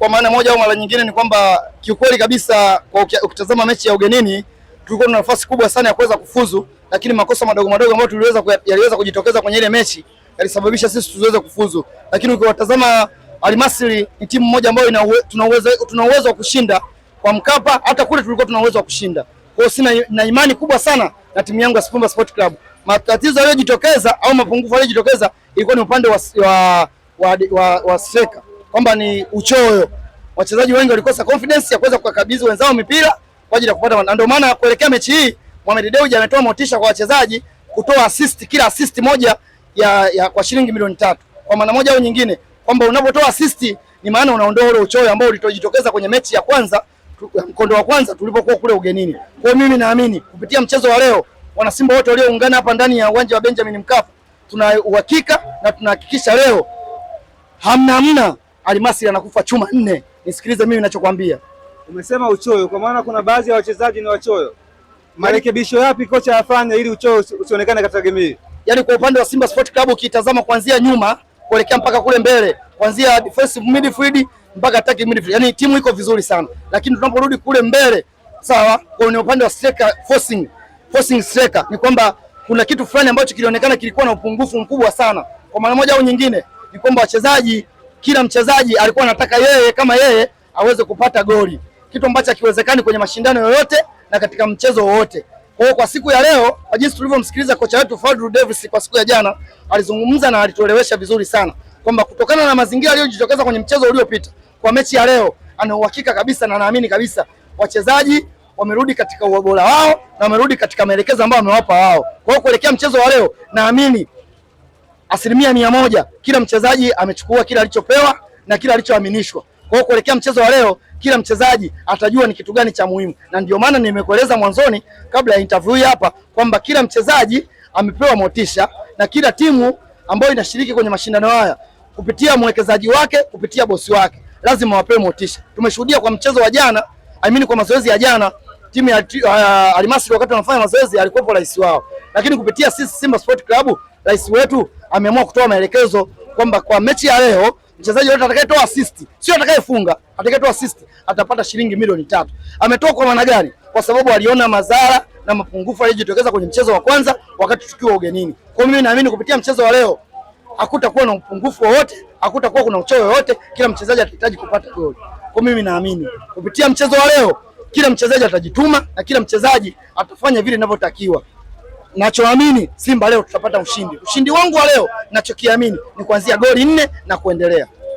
kwa maana moja au mara nyingine ni kwamba kiukweli kabisa, kwa ukitazama mechi ya ugenini tulikuwa tuna nafasi kubwa sana ya kuweza kufuzu, lakini makosa madogo madogo ambayo tuliweza yaliweza kujitokeza kwenye ile mechi yalisababisha sisi tusiweze kufuzu. Lakini ukiwatazama Almasri ni timu moja ambayo tuna uwezo tuna uwezo wa kushinda kwa Mkapa, hata kule tulikuwa tuna uwezo wa kushinda. Kwa hiyo sina na imani kubwa sana na timu yangu ya Simba Sport Club. Matatizo yaliyojitokeza au mapungufu yaliyojitokeza ilikuwa ni upande wa wa, wa, wa, wa, wa seka kwamba ni uchoyo. Wachezaji wengi walikosa confidence ya kuweza kukabidhi wenzao mipira kwa ajili ya kupata, na ndio maana kuelekea mechi hii Mohamed Dewji ametoa motisha kwa wachezaji kutoa assist, kila assist moja ya, ya kwa shilingi milioni tatu kwa maana moja au nyingine, kwamba unapotoa assist ni maana unaondoa ule uchoyo ambao ulitojitokeza kwenye mechi ya kwanza mkondo wa kwanza tulipokuwa kule ugenini. Kwa mimi naamini kupitia mchezo wa leo wana Simba wote walioungana hapa ndani ya uwanja wa Benjamin Mkapa tuna uhakika na tunahakikisha leo hamna hamna Almasi anakufa chuma nne. Nisikilize mimi ninachokwambia. Umesema uchoyo, kwa maana kuna baadhi ya wachezaji ni wachoyo. Yaani- Marekebisho yapi kocha afanye ili uchoyo usionekane katika game hii? Yaani kwa upande wa Simba Sport Club ukitazama kuanzia nyuma kuelekea mpaka kule mbele, kuanzia defensive midfield mpaka attacking midfield. Yaani timu iko vizuri sana. Lakini tunaporudi kule mbele, sawa, kwa ni upande wa striker forcing, forcing striker ni kwamba kuna kitu fulani ambacho kilionekana kilikuwa na upungufu mkubwa sana. Kwa maana moja au nyingine ni kwamba wachezaji kila mchezaji alikuwa anataka yeye kama yeye aweze kupata goli, kitu ambacho hakiwezekani kwenye mashindano yoyote na katika mchezo wowote. Kwa hiyo kwa siku ya leo, kwa jinsi tulivyomsikiliza kocha wetu Fadru Davis kwa siku ya jana, alizungumza na alituelewesha vizuri sana kwamba kutokana na mazingira aliyojitokeza kwenye mchezo uliopita, kwa mechi ya leo ana uhakika kabisa na naamini kabisa wachezaji wamerudi katika ubora wao na wamerudi katika maelekezo ambayo amewapa wao. Kwa hiyo kuelekea mchezo wa leo, naamini asilimia mia moja kila mchezaji amechukua kila alichopewa na kila alichoaminishwa. Kwa hiyo kuelekea mchezo wa leo, kila mchezaji atajua ni kitu gani cha muhimu, na ndio maana nimekueleza mwanzoni, kabla ya interview hii hapa, kwamba kila mchezaji amepewa motisha na kila timu ambayo inashiriki kwenye mashindano haya kupitia mwekezaji wake, kupitia bosi wake, lazima wapewe motisha. Tumeshuhudia kwa mchezo wa jana, I mean kwa mazoezi ya jana, timu ya uh, Almasri wakati wanafanya mazoezi alikuwepo rais wao, lakini kupitia sisi Simba Sport Club rais wetu ameamua kutoa maelekezo kwamba kwa mechi ya leo mchezaji yote atakayetoa assist, sio atakayefunga, atakayetoa assist atapata shilingi milioni tatu. Ametoa kwa maana gani? Kwa sababu aliona madhara na mapungufu yaliyojitokeza kwenye mchezo wa kwanza wakati tukiwa ugenini. Kwa mimi naamini kupitia mchezo wa leo hakutakuwa na upungufu wowote, hakutakuwa kuna uchoyo wowote, kila mchezaji atahitaji kupata goli. Kwa mimi naamini kupitia mchezo wa leo kila mchezaji atajituma na kila mchezaji atafanya vile inavyotakiwa nachoamini Simba leo tutapata ushindi. Ushindi wangu wa leo nachokiamini ni kuanzia goli nne na kuendelea.